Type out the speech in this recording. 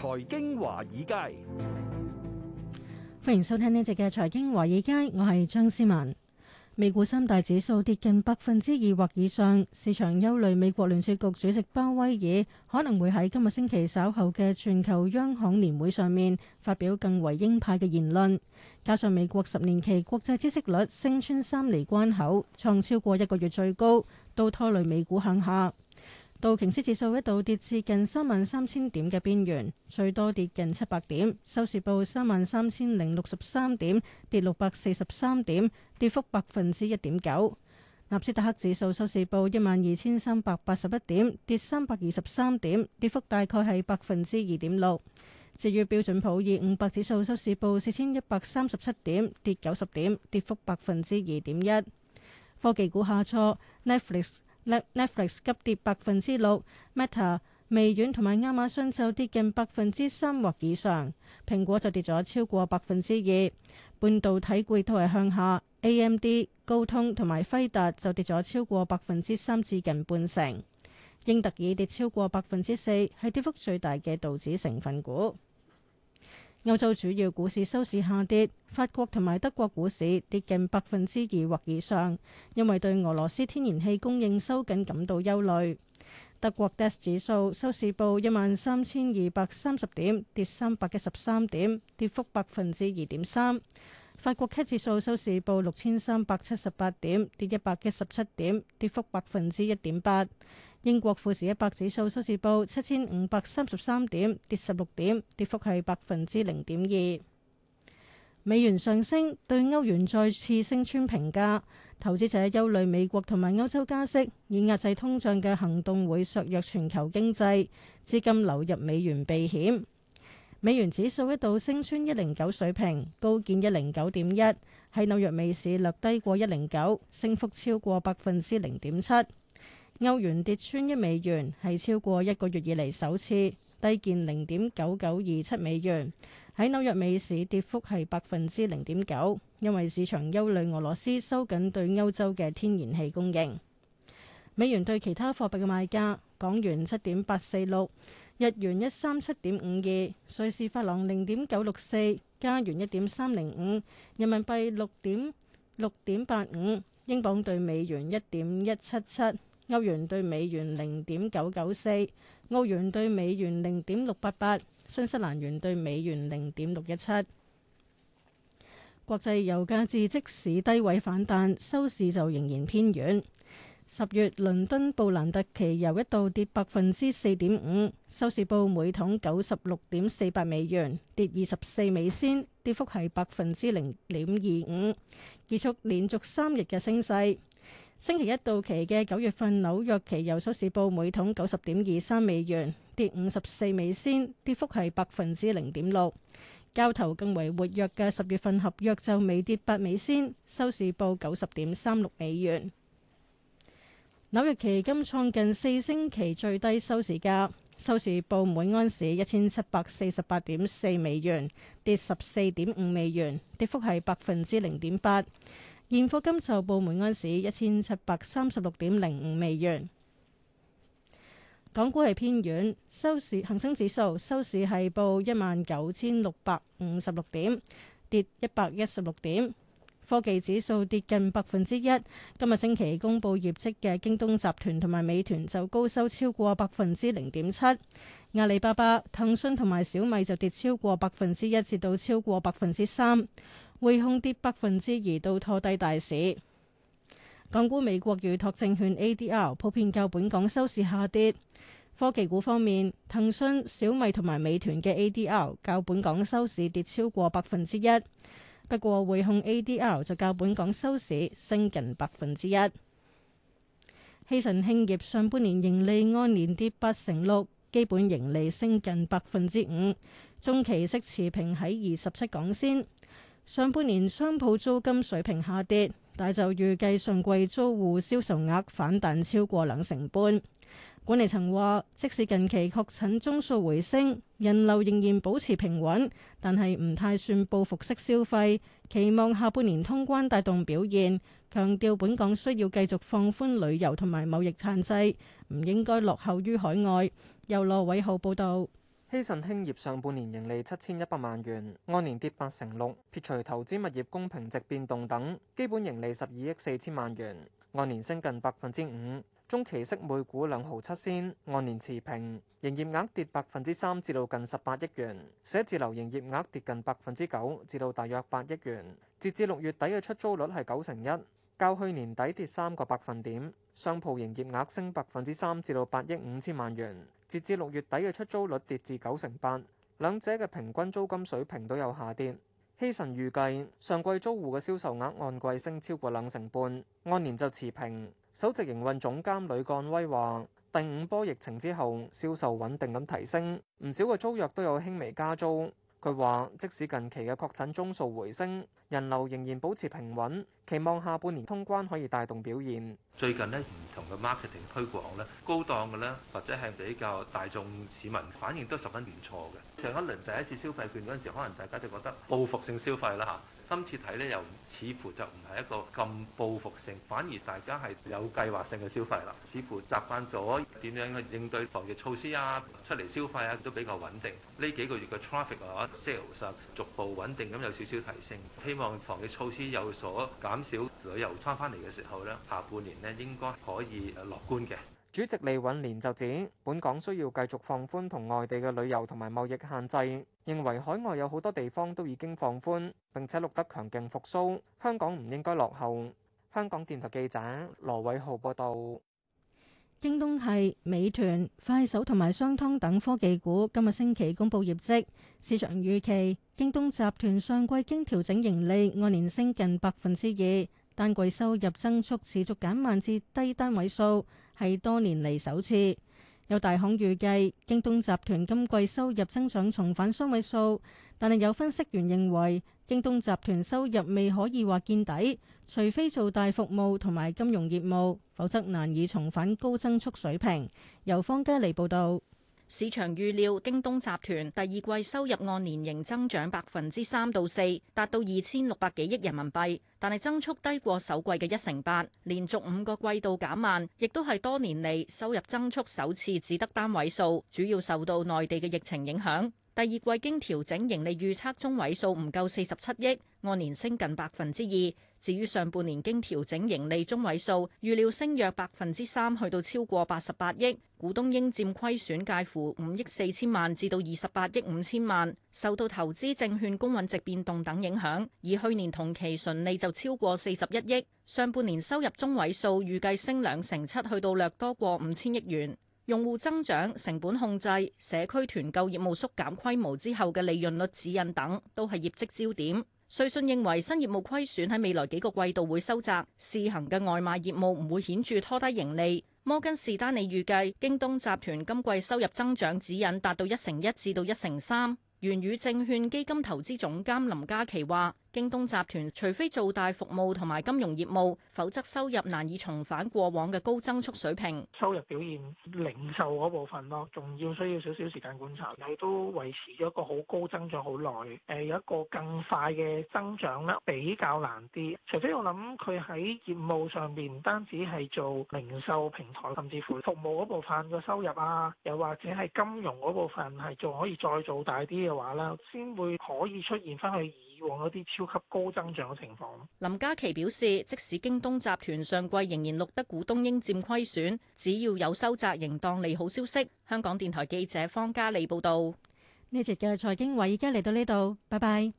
財經華爾街，歡迎收聽呢集嘅財經華爾街，我係張思文。美股三大指數跌近百分之二或以上，市場憂慮美國聯儲局主席鮑威爾可能會喺今個星期稍後嘅全球央行年會上面發表更為鷹派嘅言論。加上美國十年期國債息率升穿三厘關口，創超過一個月最高，都拖累美股向下。道瓊斯指數一度跌至近三萬三千點嘅邊緣，最多跌近七百點，收市報三萬三千零六十三點，跌六百四十三點，跌幅百分之一點九。納斯達克指數收市報一萬二千三百八十一點，跌三百二十三點，跌幅大概係百分之二點六。至於標準普爾五百指數收市報四千一百三十七點，跌九十點，跌幅百分之二點一。科技股下挫，Netflix。Netflix 急跌百分之六，Meta、微軟同埋亞馬遜就跌近百分之三或以上，蘋果就跌咗超過百分之二，半導體股都係向下，AMD、高通同埋輝達就跌咗超過百分之三至近半成，英特爾跌超過百分之四，係跌幅最大嘅道指成分股。歐洲主要股市收市下跌，法國同埋德國股市跌近百分之二或以上，因為對俄羅斯天然氣供應收緊感到憂慮。德國 DAX 指數收市報一萬三千二百三十點，跌三百一十三點，跌幅百分之二點三。法國 K 指數收市報六千三百七十八點，跌一百一十七點，跌幅百分之一點八。英國富時一百指數收市報七千五百三十三點，跌十六點，跌幅係百分之零點二。美元上升，對歐元再次升穿平價。投資者憂慮美國同埋歐洲加息以壓制通脹嘅行動會削弱全球經濟，資金流入美元避險。美元指數一度升穿一零九水平，高見一零九點一，喺紐約美市略低過一零九，升幅超過百分之零點七。歐元跌穿一美元係超過一個月以嚟首次，低見零點九九二七美元，喺紐約美市跌幅係百分之零點九，因為市場憂慮俄羅斯收緊對歐洲嘅天然氣供應。美元對其他貨幣嘅賣價，港元七點八四六。日元一三七點五二，瑞士法郎零點九六四，加元一點三零五，人民幣六點六點八五，英鎊兌美元一點一七七，歐元兌美元零點九九四，澳元兌美元零點六八八，新西蘭元兌美元零點六一七。國際油價至即時低位反彈，收市就仍然偏軟。十月倫敦布蘭特期油一度跌百分之四點五，收市報每桶九十六點四八美元，跌二十四美仙，跌幅係百分之零點二五，結束連續三日嘅升勢。星期一到期嘅九月份紐約期油收市報每桶九十點二三美元，跌五十四美仙，跌幅係百分之零點六。交投更為活躍嘅十月份合約就微跌八美仙，收市報九十點三六美元。紐約期金創近四星期最低收市價，收市報每安士一千七百四十八點四美元，跌十四點五美元，跌幅係百分之零點八。現貨金就報每安士一千七百三十六點零五美元。港股係偏軟，收市，恒生指數收市係報一萬九千六百五十六點，跌一百一十六點。科技指數跌近百分之一，今日星期公佈業績嘅京東集團同埋美團就高收超過百分之零點七，阿里巴巴、騰訊同埋小米就跌超過百分之一，至到超過百分之三，匯控跌百分之二，都拖低大市。港股美國預託證券 ADR 普遍較本港收市下跌，科技股方面，騰訊、小米同埋美團嘅 ADR 較本港收市跌超過百分之一。不過匯控 ADR 就較本港收市升近百分之一。希慎興業上半年盈利按年跌八成六，基本盈利升近百分之五，中期息持平喺二十七港仙。上半年商鋪租金水平下跌，但就預計上季租戶銷售額反彈超過兩成半。管理層話，即使近期確診宗數回升，人流仍然保持平穩，但係唔太算報復式消費。期望下半年通關帶動表現，強調本港需要繼續放寬旅遊同埋貿易限制，唔應該落後於海外。由羅偉浩報導。希慎興業上半年盈利七千一百萬元，按年跌八成六，撇除投資物業公平值變動等，基本盈利十二億四千萬元，按年升近百分之五。中期息每股兩毫七仙，按年持平，營業額跌百分之三，至到近十八億元。寫字樓營業額跌近百分之九，至到大約八億元。截至六月底嘅出租率係九成一，較去年底跌三個百分點。商鋪營業額升百分之三，至到八億五千萬元。截至六月底嘅出租率跌至九成八，兩者嘅平均租金水平都有下跌。希慎預計上季租戶嘅銷售額按季升超過兩成半，按年就持平。首席營運總監呂幹威話：第五波疫情之後，銷售穩定咁提升，唔少嘅租約都有輕微加租。佢話：即使近期嘅確診宗數回升，人流仍然保持平穩，期望下半年通關可以帶動表現。最近呢唔同嘅 marketing 推廣呢，高檔嘅呢或者係比較大眾市民反應都十分唔錯嘅。上一輪第一次消費券嗰陣時，可能大家就覺得報復性消費啦嚇。今次睇呢，又似乎就唔係一個咁報復性，反而大家係有計劃性嘅消費啦。似乎習慣咗點樣去應對防疫措施啊，出嚟消費啊都比較穩定。呢幾個月嘅 traffic 啊、sales 啊逐步穩定咁有少少提升，希望防疫措施有所減少。旅遊翻翻嚟嘅時候咧，下半年咧應該可以樂觀嘅。主席李允年就指，本港需要繼續放寬同外地嘅旅遊同埋貿易限制，認為海外有好多地方都已經放寬並且錄得強勁復甦，香港唔應該落後。香港電台記者羅偉浩報道。京東系、美團、快手同埋商湯等科技股今日星期公布業績，市場預期京東集團上季經調整盈利按年升近百分之二。單季收入增速持續減慢至低單位數，係多年嚟首次。有大行預計京東集團今季收入增長重返雙位數，但係有分析員認為京東集團收入未可以話見底，除非做大服務同埋金融業務，否則難以重返高增速水平。由方嘉莉報導。市場預料京東集團第二季收入按年仍增長百分之三到四，達到二千六百幾億人民幣，但係增速低過首季嘅一成八，連續五個季度減慢，亦都係多年嚟收入增速首次只得單位數，主要受到內地嘅疫情影響。第二季經調整盈利預測中位數唔夠四十七億，按年升近百分之二。至於上半年經調整盈利中位數預料升約百分之三，去到超過八十八億，股東應佔虧損介乎五億四千萬至到二十八億五千萬，受到投資證券公允值變動等影響，而去年同期純利就超過四十一億。上半年收入中位數預計升兩成七，去到略多過五千億元。用戶增長、成本控制、社區團購業務縮減規模之後嘅利潤率指引等，都係業績焦點。瑞信認為新業務虧損喺未來幾個季度會收窄，試行嘅外賣業務唔會顯著拖低盈利。摩根士丹利預計京東集團今季收入增長指引達到一成一至到一成三。元宇證券基金投資總監林嘉琪話。京東集團除非做大服務同埋金融業務，否則收入難以重返過往嘅高增速水平。收入表現零售嗰部分咯，仲要需要少少時間觀察。亦都維持咗一個好高增長好耐。誒，有一個更快嘅增長啦，比較難啲。除非我諗佢喺業務上面唔單止係做零售平台，甚至乎服務嗰部分嘅收入啊，又或者係金融嗰部分係仲可以再做大啲嘅話啦，先會可以出現翻去以往嗰啲。超級高增長嘅情況。林嘉琪表示，即使京東集團上季仍然錄得股東應佔虧損，只要有收窄，仍當利好消息。香港電台記者方嘉利報道。呢節嘅財經華爾街，已經嚟到呢度，拜拜。